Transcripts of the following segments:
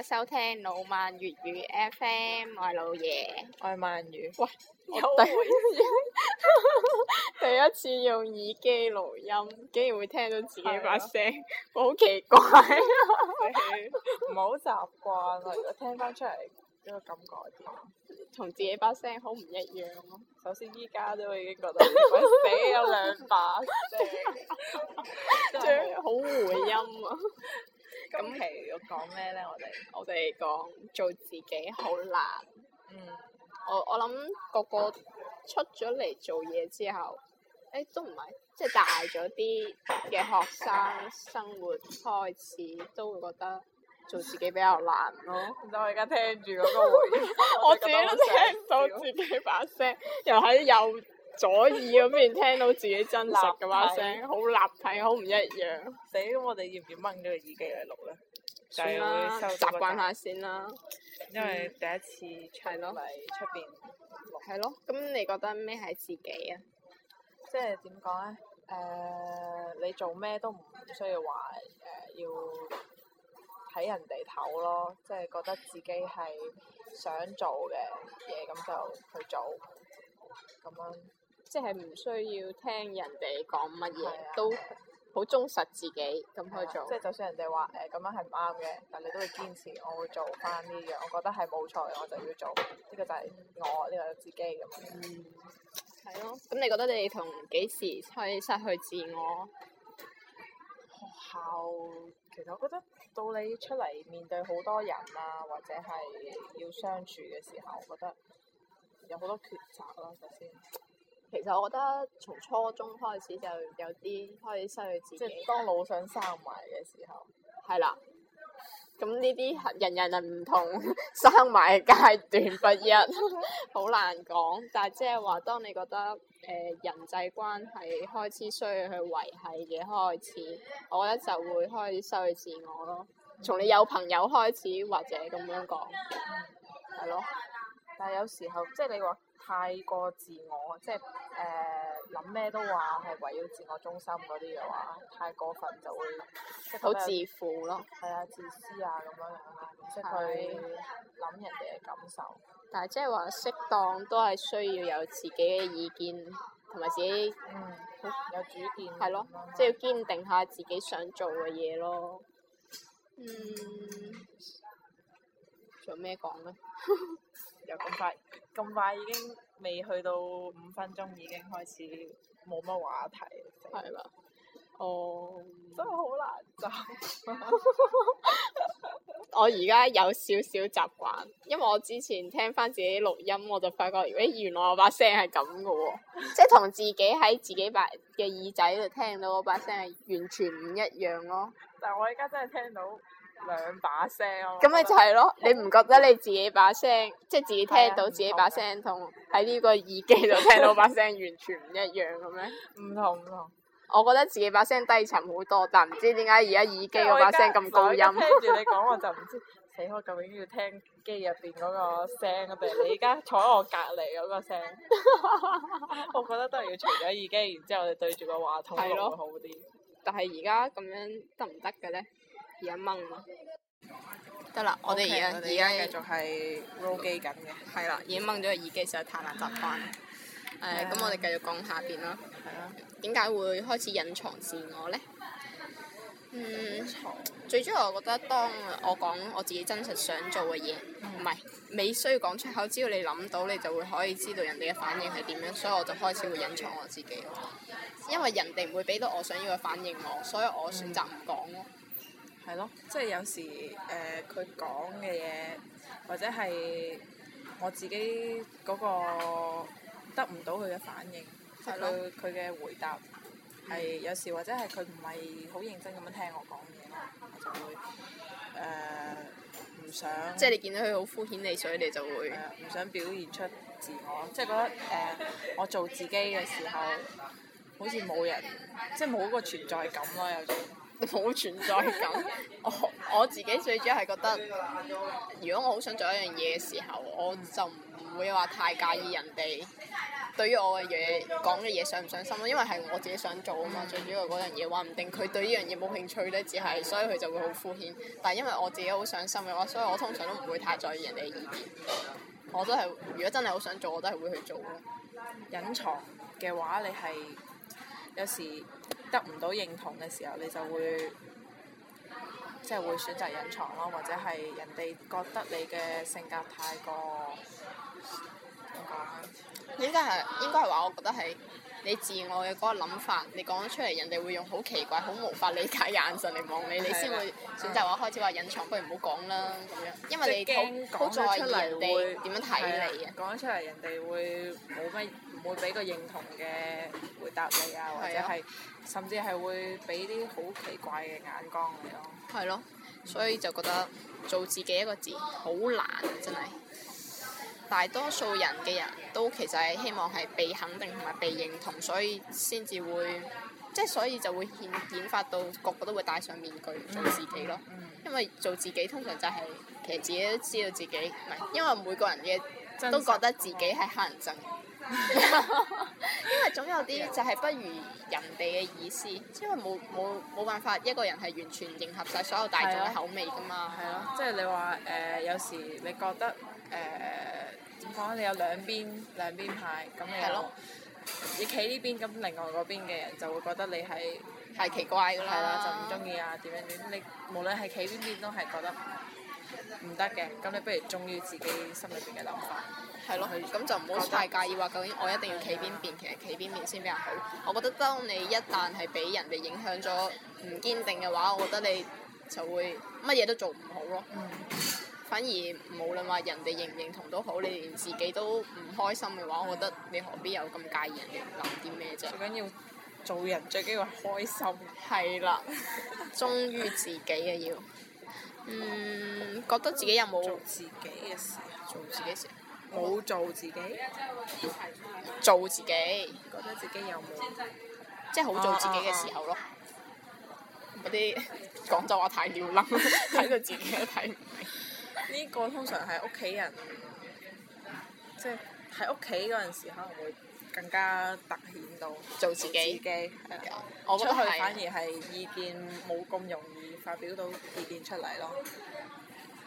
收聽老曼粵語 FM，我係老爺，我係慢語。喂，又會一樣？第一次用耳機錄音，竟然會聽到自己把聲，我好奇怪。唔係好習慣啊！如果聽翻出嚟，嗰個感覺點啊？同自己把聲好唔一樣咯、啊。首先，依家都已經覺得我俾咗兩把，仲好回音啊！咁其要講咩咧？那我哋 我哋講做自己好難。嗯，我我諗個個出咗嚟做嘢之後，誒、欸、都唔係，即、就、係、是、大咗啲嘅學生生活開始都會覺得做自己比較難咯、嗯。我而家聽住嗰個， 我， 我自己都聽唔到自己把聲，又喺右。 左耳嗰邊聽到自己真實嘅話聲，好立體，好唔一樣。咁、嗯、我哋要唔要掹咗個耳機嚟錄咧？算啦了，習慣下先啦。因為第一次係咯，喺出邊。係咯，咁你覺得咩係自己啊？即係點講咧？誒、呃，你做咩都唔需要話誒要睇人哋頭咯，即係覺得自己係想做嘅嘢，咁就去做，咁樣。即係唔需要聽人哋講乜嘢，啊、都好忠實自己咁去做。即係、啊就係、就算人哋話誒咁樣係唔啱嘅，但你都會堅持，我會做翻呢樣。我覺得係冇錯，我就要做。呢、呢個就係我呢、呢個就自己咁。嗯。係咯、啊，咁你覺得你同幾時去失去自我？學校其實我覺得到你出嚟面對好多人啊，或者係要相處嘅時候，我覺得有好多抉擇咯。首先。其實我覺得從初中開始就有啲開始失去自己，即係當老想生埋嘅時候，係啦。咁呢啲人人又唔同，生埋階段不一，好 難講。但係即係話，當你覺得誒、呃、人際關係開始需要去維係嘅開始，我覺得就會開始失去自我咯。從你有朋友開始，或者咁樣講係咯。 但係有時候，即係你話。太過自我，即係誒諗咩都話係圍繞自我中心嗰啲嘅話，太過分就會好自負咯。係啊，自私啊咁樣樣，唔識去諗人哋嘅感受。但係即係話適當都係需要有自己嘅意見同埋自己。嗯，有主見。係咯的，即係樣要堅定下自己想做嘅嘢咯。嗯。仲有咩講咧？ 又咁快，咁快已經未去到五分鐘，已經開始冇乜話題，係啦。哦，真係好難就。 我而家有少少習慣，因為我之前聽翻自己錄音，我就發覺咦、欸，原來我把聲係咁嘅喎， 即係同自己喺自己把嘅耳仔度聽到嗰把聲係完全唔一樣咯、哦。但係我而家真係聽到。兩把聲咁咪就係咯， 你唔覺得你自己把聲，即係自己聽到自己把聲，同喺呢個耳機度聽到把聲完全唔一樣嘅咩？唔 同啊！唔同我覺得自己把聲低沉好多，但唔知點解而家耳機嗰把聲咁高音。跟住 你講我就唔知，死、哎、我究竟要聽機入邊嗰個聲定你而家坐喺我隔籬嗰個聲？ 我覺得都係要除咗耳機，然之後就對住個話筒會好啲。但係而家咁樣得唔得嘅咧？而家掹咯，得啦，我哋而家而家繼續係錄機緊嘅，係啦，已經掹咗個耳機，實在太難習慣。誒，咁我哋繼續講下邊啦。係啊。點解會開始隱藏自我咧？嗯，最主要我覺得當我講我自己真實想做嘅嘢，唔係未需要講出口，只要你諗到，你就會可以知道人哋嘅反應係點樣，所以我就開始會隱藏我自己咯。因為人哋唔會俾到我想要嘅反應我，所以我選擇唔講咯。係咯，即係有時誒，佢講嘅嘢，或者係我自己嗰個得唔到佢嘅反應，即係佢嘅回答係有時，或者係佢唔係好認真咁樣聽我講嘢咯，我就會誒唔想。即係你見到佢好敷衍你，所以你就會唔想表現出自我，即係覺得誒、呃、我做自己嘅時候，好似冇人，即係冇嗰個存在感咯，有啲。冇存在感 我，我我自己最主要係覺得，如果我好想做一樣嘢嘅時候，我就唔會話太介意人哋對於我嘅嘢講嘅嘢上唔上心咯，因為係我自己想做啊嘛。 最主要嗰樣嘢，話唔定佢對呢樣嘢冇興趣呢，只係所以佢就會好敷衍。但係因為我自己好上心嘅話，所以我通常都唔會太在意人哋嘅意見。我都係，如果真係好想做，我都係會去做咯。隱藏嘅話，你係有時。得唔到認同嘅時候，你就會即係、就是、會選擇隱藏咯，或者係人哋覺得你嘅性格太過點講？應該係應該係話，我覺得係。你自我嘅嗰個諗法，你講咗出嚟，人哋會用好奇怪、好無法理解嘅眼神嚟望你，你先會選擇話開始話隱藏，不如唔好講啦咁樣，因為為驚好咗出嚟會點樣睇你啊？講咗出嚟人哋會冇乜，唔會俾個認同嘅回答你啊，或者係、啊、甚至係會俾啲好奇怪嘅眼光你咯。係咯、啊啊，所以就覺得做自己一個字好難，真係。大多數人嘅人都其實係希望係被肯定同埋被認同，所以先至會即係所以就會演演發到個個都會戴上面具做自己咯。嗯、因為做自己通常就係、是、其實自己都知道自己，唔係因為每個人嘅實都覺得自己係乞人憎。 因為總有啲就係不如人哋嘅意思，因為冇冇冇辦法一個人係完全迎合晒所有大眾嘅口味噶嘛。係咯、啊，啊啊、即係你話誒、呃，有時你覺得。誒點講你有兩邊兩邊派，咁你的你企呢邊，咁另外嗰邊嘅人就會覺得你喺係奇怪，係啦的，啊、就唔中意啊點樣點？你無論係企邊邊都係覺得唔得嘅。咁你不如忠於自己心裏邊嘅諗法。係咯的，咁、嗯、就唔好太介意話究竟我一定要企邊，的邊邊，其實企邊邊先比較好。我覺得當你一旦係俾人哋影響咗唔堅定嘅話，我覺得你就會乜嘢都做唔好咯。嗯。反而無論話人哋認唔認同都好，你連自己都唔開心嘅話，我覺得你何必有咁介意人哋諗啲咩啫？最緊要做人最緊要開心。係啦。 忠於自己嘅要。嗯，覺得自己有冇？做自己嘅時候。做自己時候。冇做自己。做自己。覺得自己有冇？即係好做自己嘅時候咯。嗰啲廣州話太刁楞，睇到自己都睇唔明。呢個通常係屋企人，即係喺屋企嗰陣時可能會更加凸顯到做自己，係啊，出去反而係意見冇咁容易發表到意見出嚟咯。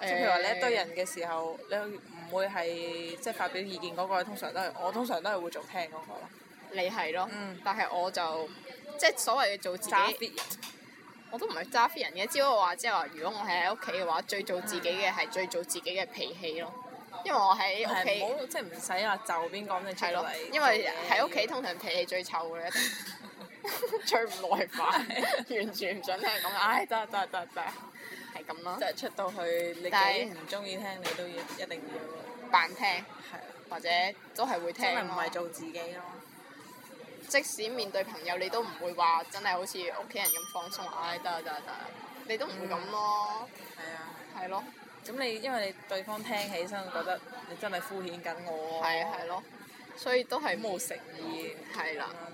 即係譬如話你一堆人嘅時候，你唔會係即係發表意見嗰個，通常都係我通常都係會做聽嗰個咯。你係咯？嗯，但係我就即係所謂嘅做自己。我都唔係揸飛人嘅，只不過話即係話，如果我係喺屋企嘅話，最做自己嘅係最做自己嘅脾氣咯。因為我喺屋企，即係唔使話就邊講定係咯。因為喺屋企通常脾氣最臭嘅一定，最唔耐煩，完全唔想聽人講。唉，得得得得，係咁咯。即係出到去，你幾唔中意聽，你都要一定要扮聽。係或者都係會聽咯。唔係做自己咯～即使面對朋友，你都唔會話真係好似屋企人咁放鬆，唉、哎，得啊得啊得你都唔會咁咯，係、嗯、啊，係咯、啊。咁、啊、你因為你對方聽起身覺得你真係敷衍緊我，係啊係咯、啊，所以都係冇誠意，係啦、嗯。啊、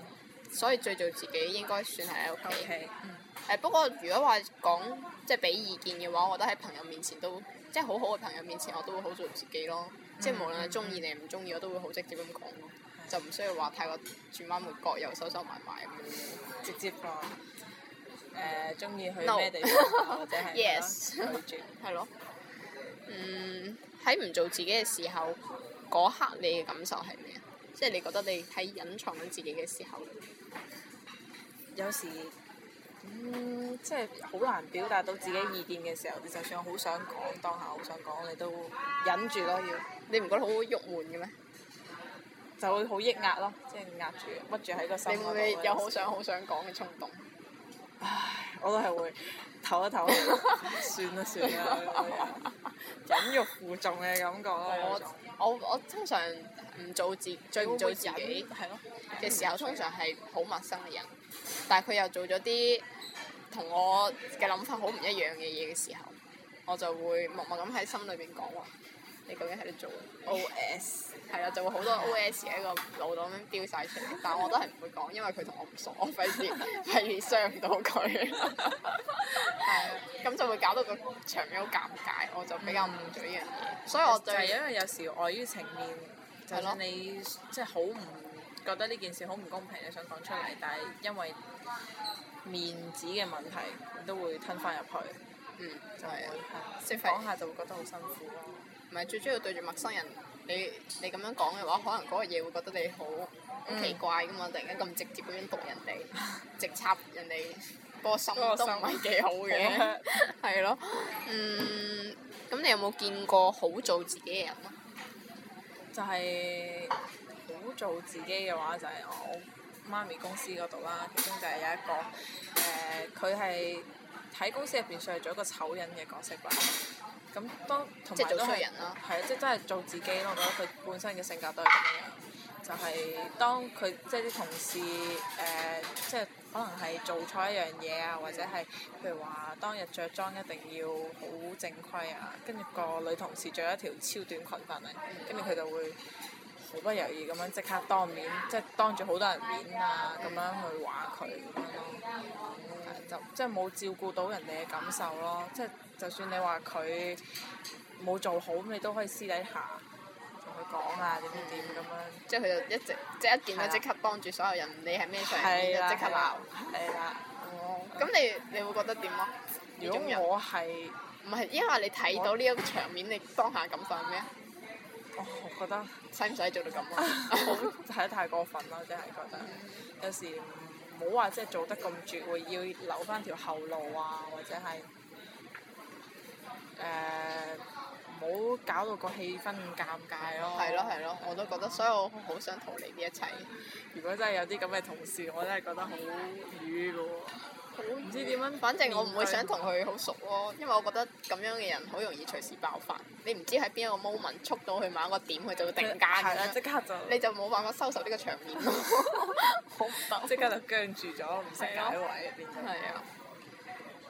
所以最做自己應該算係喺屋企，okay, 嗯、哎。不過如果話講即係俾意見嘅話，我覺得喺朋友面前都即係好好嘅朋友面前，我都會好做自己咯。嗯、即係無論係中意你，唔中意，我都會好直接咁講咯。就唔需要話太過轉彎抹角，又收收埋埋咁樣，直接咯。誒，鍾意去咩地方或者係？Yes。係咯。嗯，喺唔、呃 No. 嗯、做自己嘅時候，嗰刻你嘅感受係咩？即、就、係、是、你覺得你喺隱藏緊自己嘅時候。有時，咁、嗯、即係好難表達到自己意見嘅時候，你 就算好想講，當下好想講，你都忍住咯。要，你唔覺得好鬱悶嘅咩？就會好抑壓咯，即係壓住，屈住喺個心裏面。你會唔會有好想好想講嘅衝動？ 唉，我都係會唞一唞， 算啦算啦，忍辱負重嘅感覺咯。對我我我通常唔做自，最唔做自己，係咯。嘅時候通常係好陌生嘅人，對但係佢又做咗啲同我嘅諗法好唔一樣嘅嘢嘅時候，我就會默默咁喺心裏邊講話。你究竟喺度做 OS？係啊， 就會好多 OS 喺個腦度咁飆晒出嚟。但我都係唔會講，因為佢同我唔熟，我費事係傷唔到佢。係， 咁就會搞到個場面好尷尬。我就比較唔做呢樣嘢，嗯、所以我對係因為有時礙於情面，吧就算你即係好唔覺得呢件事好唔公平，你想講出嚟，對但係因為面子嘅問題，都會吞翻入去。嗯，就係、係、啊，講下就會覺得好辛苦囉。唔係最主要對住陌生人，你你咁樣講嘅話，可能嗰個嘢會覺得你好好奇怪噶嘛！嗯、突然間咁直接咁樣讀人哋， 直插人哋個心，的心都唔係幾好嘅，係咯 了。嗯，咁你有冇見過好做自己嘅人啊？就係好做自己嘅話，就係我媽咪公司嗰度啦，其中就係有一個誒，佢係喺公司入邊算係做一個醜人嘅角色吧。咁當同埋都係人咯係啊，即係真係做自己咯！我覺得佢本身嘅性格都係咁樣，就係、是、當佢即係啲同事誒，即、呃、係、就是、可能係做錯一樣嘢啊，或者係譬如話當日着裝一定要好正規啊，跟住個女同事着一條超短裙翻嚟，跟住佢就會。毫不猶豫咁樣即刻當面，即係當住好多人面啊，咁樣去話佢咁樣咯、嗯，就即係冇照顧到人哋嘅感受咯。即係就算你話佢冇做好，咁你都可以私底下同佢講啊，點點點咁樣。即係佢就一直即係對一見到即刻幫住所有人，對你係咩場面就即刻鬧。係啦。哦，咁你你會覺得點咯？如果我係唔係因為你睇到呢一個場面，我你當下感受係咩？我覺得使唔使做到咁啊？睇得 太過分啦！真係覺得有時唔好話即係做得咁絕喎，要留翻條後路啊，或者係誒唔好搞到個氣氛咁尷尬咯。係咯係咯，我都覺得，所以我好想逃離呢一切。 如果真係有啲咁嘅同事，我真係覺得好瘀噶。唔知點樣？反正我唔會想同佢好熟咯、啊，因為我覺得咁樣嘅人好容易隨時爆發。你唔知喺邊一個 moment 觸到佢某一個點，佢就會定格嘅，啦，即刻就你就冇辦法收拾呢個場面， 好唔得。即刻就僵住咗，唔識解圍，變咗。係啊，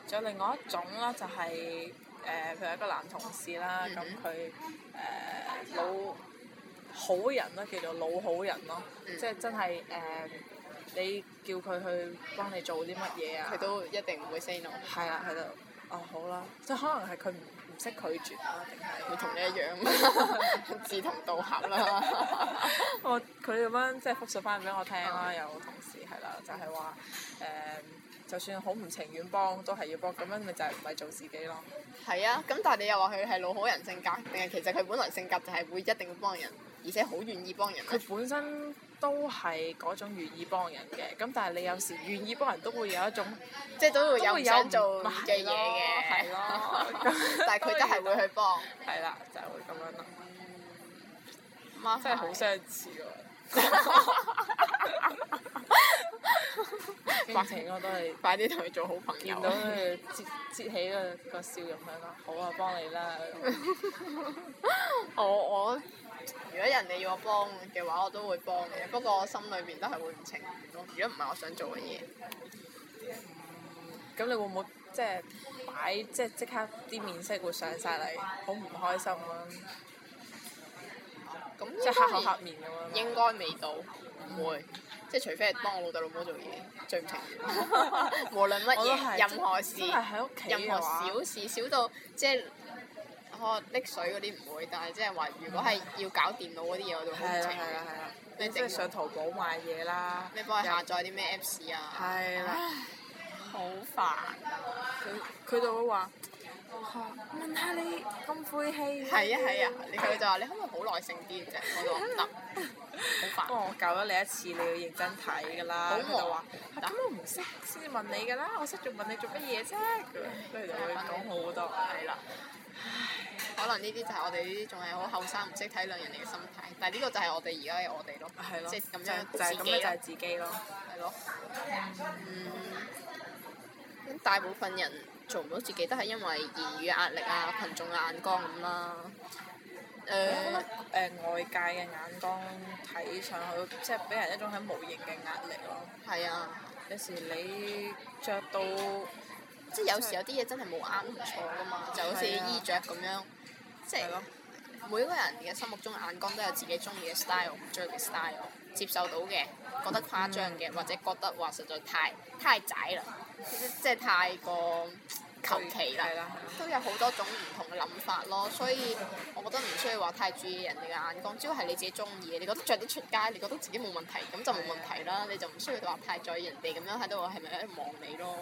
仲、啊、有另外一種啦、就是，就係誒，譬如一個男同事啦，咁佢誒老好人啦，叫做老好人咯，嗯、即係真係誒。呃你叫佢去幫你做啲乜嘢啊？佢都一定唔會 say no。係啊，係啦、啊。哦，好啦，即係可能係佢唔唔識拒絕啊，定係佢同你一樣、啊，志 同道合啦。 我佢咁樣即係複述翻俾我聽啦、啊，有同事係啦、啊，就係話誒，就算好唔情願幫，都係要幫。咁樣咪就係唔係做自己咯？係啊，咁但係你又話佢係老好人性格，定係其實佢本來性格就係會一定要幫人，而且好願意幫人。佢本身。 都係嗰種願意幫人嘅，咁但係你有時願意幫人都會有一種，即係都會有想做嘅嘢嘅，係咯。咯咯 但係佢都係會去幫。係啦， 就係會咁樣諗。真係好相似喎！ 發 情我都係 快啲同佢做好朋友。見到佢，接接起個笑容咁樣，好啊，幫你啦。哎、 我我，如果人哋要我幫嘅話，我都會幫嘅。不過我心裏面都係會唔情願咯。如果唔係我想做嘅嘢。咁 你會唔會即係擺即係即刻啲面色會上晒嚟，好唔開心咯、啊。咁即係黑口黑面應該 應該未到，唔 會。即係除非係幫我老豆老母做嘢，最唔情願。無論乜嘢，任何事，喺屋企，任何小事，小到即係，呵，拎水嗰啲唔會，但係即係話，如果係要搞電腦嗰啲嘢，我都好唔情願。係啦係啦係啦。你即係上淘寶買嘢啦。你幫佢下載啲咩 Apps 啊？係啦。好煩啊！佢佢就會話。嚇！問下你咁晦氣，係啊係啊！你佢、啊、就話：你可唔可以好耐性啲啫？我覺得好煩。不過我教咗你一次，你要認真睇㗎啦。咁佢、嗯嗯、就話：係咁、嗯，啊、我唔識先至問你㗎啦，嗯、我識仲問你做乜嘢啫？跟住就會講好多。係啦。可能呢啲就係我哋呢啲仲係好後生，唔識體諒人哋嘅心態。但係呢個就係我哋而家嘅我哋咯。係咯了。即係咁樣，就係、是、咁樣，就係、是、自己咯。係咯。嗯。咁、嗯、大部分人。做唔到自己，都係因為言語壓力啊、群眾嘅眼光咁啦。誒誒，外界嘅眼光睇上去，即係俾人一種喺無形嘅壓力咯。係啊，有時你着到，即係有時有啲嘢真係冇啱唔錯噶嘛，啊、就好似衣着咁樣。係咯，每個人嘅心目中嘅眼光都有自己中意嘅 style，唔中意嘅 style，接受到嘅覺得誇張嘅，嗯、或者覺得話實在太太窄啦。即係太過求其啦，啦，啊、都有好多種唔同嘅諗法咯，所以我覺得唔需要話太注意人哋嘅眼光，只要係你自己中意嘅，你覺得着得出街，你覺得自己冇問題，咁就冇問題啦，啊、你就唔需要話太在意係係在意人哋咁樣睇到我係咪喺度望你咯。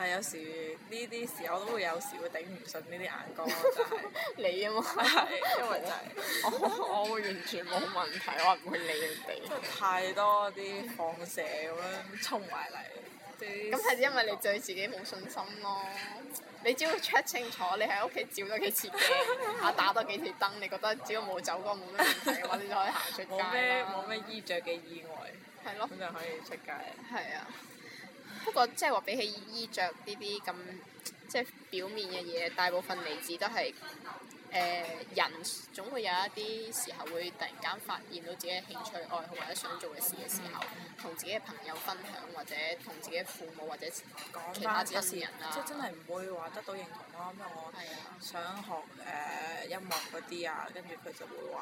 但係有時呢啲事我都會有時會頂唔順呢啲眼光咯， 你啊嘛， 因為、就係、 我我會完全冇問題，我唔會理人哋。 太多啲放射咁樣衝埋嚟。咁係因為你對自己冇信心咯，你只要 check 清楚，你喺屋企照多幾次鏡，啊打多幾條燈，你覺得只要冇走光冇咩問題嘅話，我你就可以行出街。冇咩冇咩衣着嘅意外，咁咯就可以出街。係啊，啊，不過即係話比起衣着呢啲咁即係表面嘅嘢，大部分例子都係。誒、呃、人總會有一啲時候會突然間發現到自己嘅興趣愛好或者想做嘅事嘅時候，同自己嘅朋友分享，或者同自己嘅父母或者其他親人啊，即係真係唔會話得到認同。咁係、呃、啊，想學誒音樂嗰啲啊，跟住佢就會話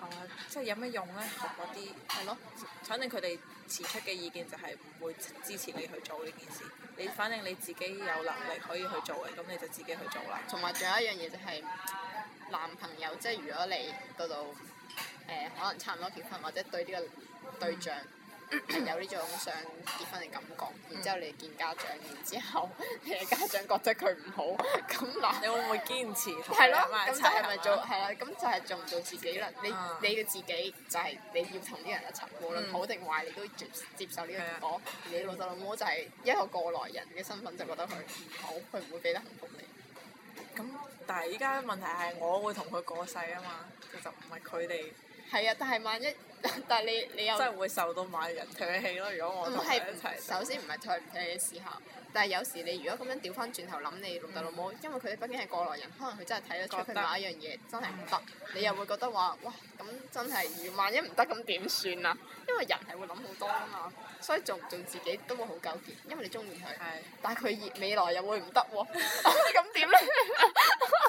啊、嗯，即係有咩用咧？學嗰啲，係咯的，反正佢哋提出嘅意見就係唔會支持你去做呢件事。你反正你自己有能力可以去做嘅，咁你就自己去做啦。同埋仲有一樣嘢就係、是、男朋友，即係如果你到到誒、呃，可能差唔多結婚或者對呢個對象。嗯 有呢種想結婚嘅感覺，然之後你見家長，然之後，然後 你嘅家長覺得佢唔好，咁 嗱就，你會唔會堅持媽媽？係 咯，咁就係咪做？係啦、嗯，咁 就係做唔做自己啦。你你嘅自己就係你要同啲人一齊，無論好定壞，你都接受呢樣講。你老豆老母就係一個過來人嘅身份，就覺得佢唔好，佢唔會俾得幸福你。咁、嗯，但係依家問題係，我會同佢過世啊嘛，其實唔係佢哋。係啊，但係萬一，但係你你又真係會受到萬人唾棄咯。如果我唔係首先唔係唾唔唾嘅時候，但係有時你如果咁樣調翻轉頭諗你老豆老母，嗯、因為佢哋畢竟係過來人，可能佢真係睇得出佢買一樣嘢真係唔得，嗯、你又會覺得話哇咁真係，如萬一唔得咁點算啊？嗯、因為人係會諗好多㗎嘛，所以做唔做自己都會好糾結，因為你中意佢，的但係佢未來又會唔得喎，咁點咧？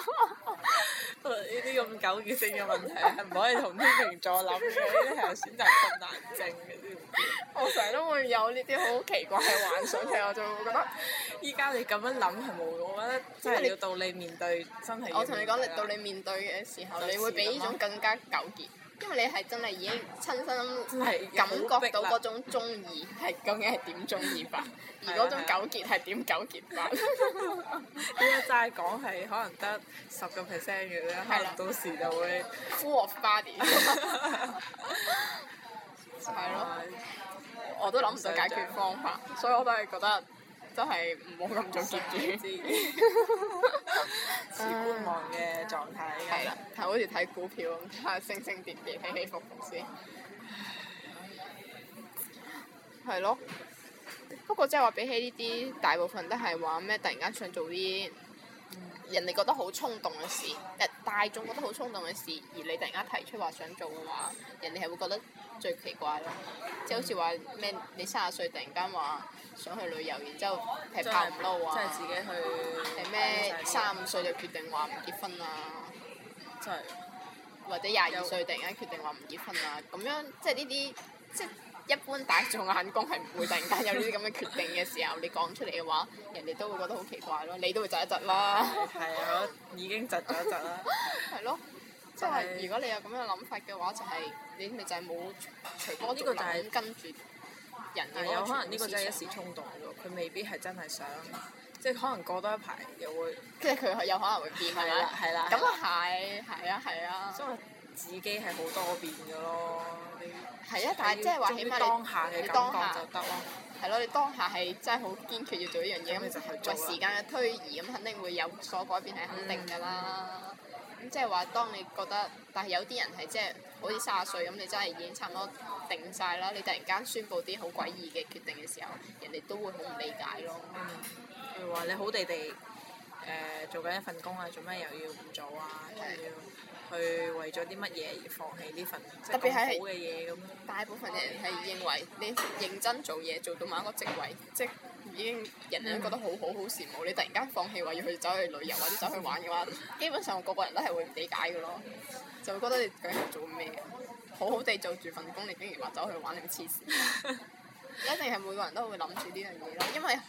呢啲咁糾結性嘅問題係唔可以同天秤座諗嘅，呢啲係有選擇困難症嘅。我成日都會有呢啲好奇怪嘅幻想，其實我就會覺得，依家你咁樣諗係冇，我覺得真係要到你面對真係。我同你講，你到你面對嘅時候，你會比呢種更加糾結。因為你係真係已經親身感覺到嗰種中意，係究竟係點中意法， 而嗰種糾結係點糾結法？依家真係講係可能得十個 percent 嘅啫，的可能到時就會 cool off 啲。係咯，我都諗唔到解決方法， 所以我都係覺得真係唔好咁早結住。 嘅狀態係啦，係好似睇股票咁，啊，升升跌跌，起起伏伏先，係 咯。不過即係話比起呢啲，大部分都係話咩？突然間想做啲人哋覺得好衝動嘅事，呃、大眾覺得好衝動嘅事，而你突然間提出話想做嘅話，人哋係會覺得。最奇怪咯，即係好似話咩？你三十歲突然間話想去旅遊，然之後劈炮唔撈啊！即係、就是就是、自己去，真係唔使。係咩？卅五歲就決定話唔結婚啊！真係、就是。或者廿二歲突然間決定話唔結婚啊！咁樣即係呢啲，即係一般大眾眼光係唔會突然間有呢啲咁嘅決定嘅時候， 你講出嚟嘅話，人哋都會覺得好奇怪走走走走 咯。你都會窒一窒啦。係啊，已經窒咗一窒啦。係咯，即係如果你有咁樣諗法嘅話，就係、是。你咪就係冇隨波逐流、係，跟住人。有可能呢個真係一時衝動嘅，佢未必係真係想，即係可能過多一排又會，即係佢有可能會變係啦，係啦、嗯。咁啊係，係啊，係啊。嗯、所以自己係好多變嘅咯。係啊，但係即係話，起碼起碼當下嘅感覺就得咯。係咯，你當下係真係好堅決要做呢樣嘢，咁就話、嗯、時間嘅推移，咁肯定會有所改變係肯定㗎啦。咁即係話，當你覺得，但係有啲人係即係好似卅歲咁，你真係已經差唔多定晒啦。你突然間宣布啲好詭異嘅決定嘅時候，人哋都會好唔理解咯。嗯，譬如話你好地地誒、呃、做緊一份工啊，做咩又要唔做啊？仲要，去為咗啲乜嘢而放棄呢份特別係好嘅嘢咁？大部分人係認為你認真做嘢 做到某一個職位，即係已經人人都覺得好好好羨慕。你突然間放棄話要去走去旅遊或者走去玩嘅話，基本上個個人都係會唔理解嘅咯。就會覺得你究竟係做咩？好好地做住份工，你竟然話走去玩，你咪黐線！ 一定係每個人都會諗住呢樣嘢咯，因為的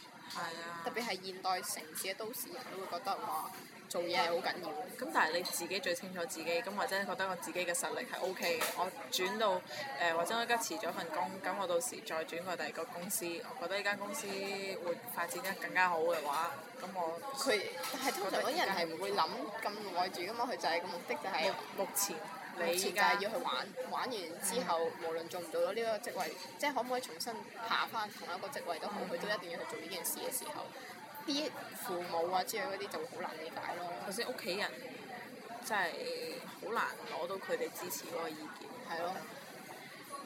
特別係現代城市嘅都市人都會覺得話。做嘢係好緊要咁、嗯、但係你自己最清楚自己，咁我真係覺得我自己嘅實力係 O K 嘅。我轉到誒、呃，或者我而家辭咗份工，咁我到時再轉過第二個公司，我覺得呢間公司會發展得更加好嘅話，咁我佢它，覺得 但係通常嗰啲人係唔會諗咁耐住噶嘛，佢就係、是、個目的就係、是、目前，你，目前就係要去玩，玩完之後、嗯、無論做唔做到呢個職位，即、就、係、是、可唔可以重新爬翻同一個職位都好，佢、嗯、都一定要去做呢件事嘅時候。啲父母啊之類嗰啲就會好難理解咯，頭先屋企人真係好難攞到佢哋支持嗰個意見，係咯、哦。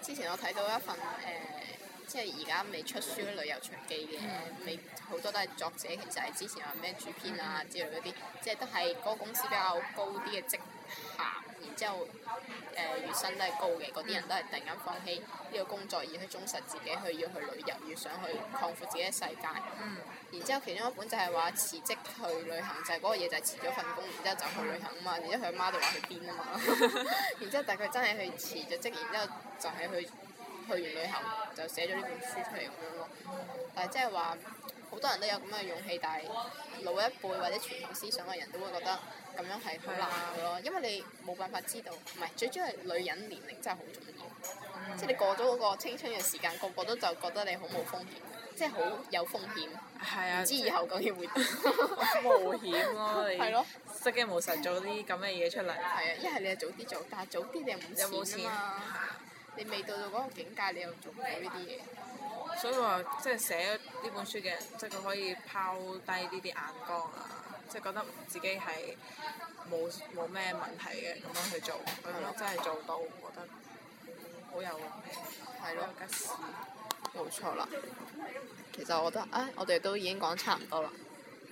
之前我睇到一份誒。呃即係而家未出書旅遊出記嘅，未好多都係作者，其實係之前話咩主編啊之類嗰啲，即係都係嗰個公司比較高啲嘅職銜，然之後誒月薪都係高嘅，嗰啲人都係突然間放棄呢個工作而去忠實自己去要去旅遊，要想去擴闊自己嘅世界。嗯、然之後其中一本就係話辭職去旅行，就係、是、嗰個嘢就係辭咗份工，然之後就去旅行啊嘛。然之後佢阿媽就話去邊啊嘛。 然之後但係佢真係去辭咗職，然之後就係去。去完旅行就寫咗呢本書出嚟咁樣咯，但係即係話好多人都有咁嘅勇氣，但係老一輩或者傳統思想嘅人都會覺得咁樣係好難嘅咯，對了 因為你冇辦法知道，唔係最主要係女人年齡真係好重要，即係、嗯、你過咗嗰個青春嘅時間，嗯、個個都就覺得你好冇風險，即係好有風險，唔對了 知以後究竟會點冒對了 險咯、啊，你識驚冇實做啲咁嘅嘢出嚟。係啊，一係你就早啲做，但係早啲你又冇錢啊有 你未到到嗰個境界，你又做唔到呢啲嘢。所以話，即係寫呢本書嘅人，即係佢可以拋低呢啲眼光啊，即係覺得自己係冇冇咩問題嘅咁樣去做，可能了真係做到，我覺得、嗯、好有，係咯了。冇錯啦。其實我覺得，啊、哎，我哋都已經講差唔多啦。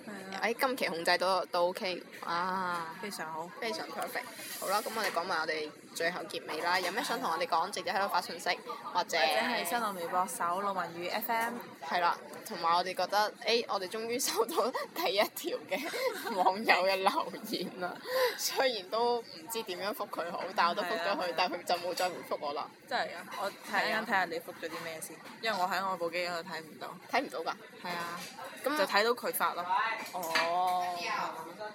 係了、哎、今期控制到都，都 OK 啊。非常好。非常 perfect。好啦，咁我哋講埋我哋。最後結尾啦，有咩想同我哋講？直接喺度發信息，或者係新浪微博搜羅文宇 FM。係啦，同埋我哋覺得，哎，我哋終於收到第一條嘅網友嘅留言啦！雖然都唔知點樣復佢好，但我都復咗佢，但佢就冇再回覆我啦。真係啊！我睇下睇下你復咗啲咩先，因為我喺我部機嗰度睇唔到。睇唔到㗎。係啊，就睇到佢發咯。哦。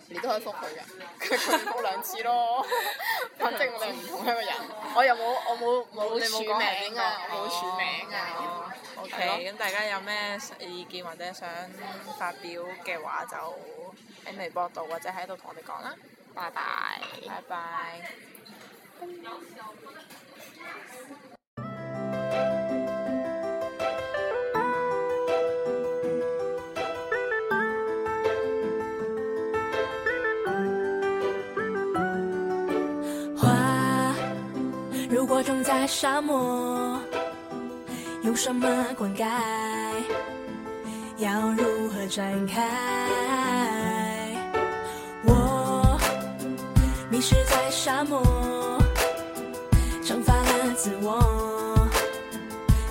你都可以復佢㗎？佢佢復兩次咯，反正我哋。同一個人， 我又冇，我冇冇署名啊，冇署名啊。OK，咁大家有咩意見或者想發表嘅話，就喺微博度或者喺度同我哋講啦。拜拜。拜拜。我種在沙漠，用什麼灌溉？要如何展開？我迷失在沙漠，懲罰了自我，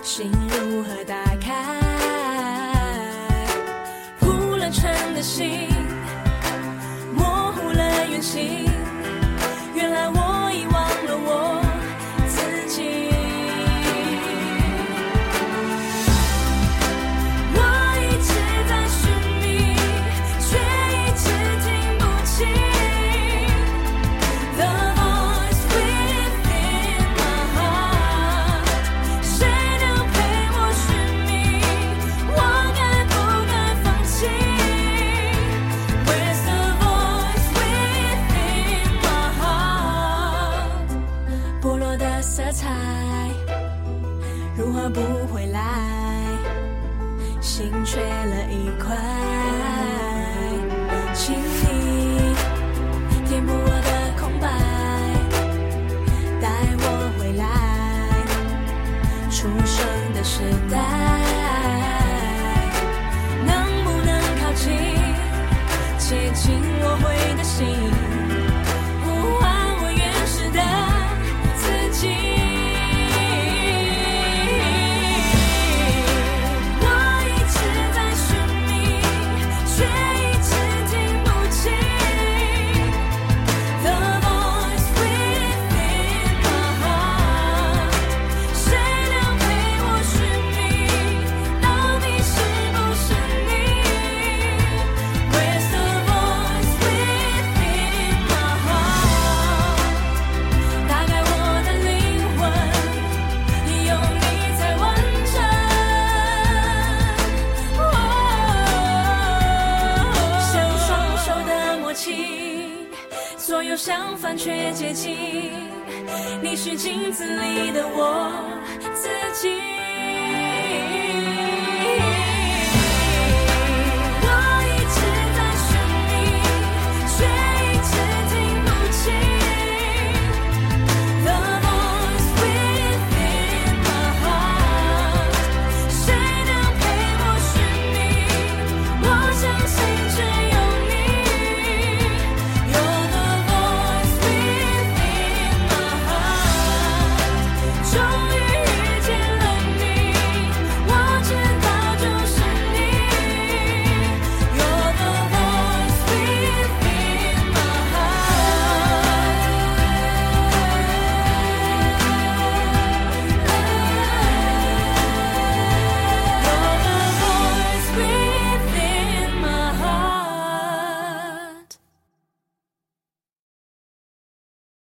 心如何打開？鋪了塵的心，模糊了遠行。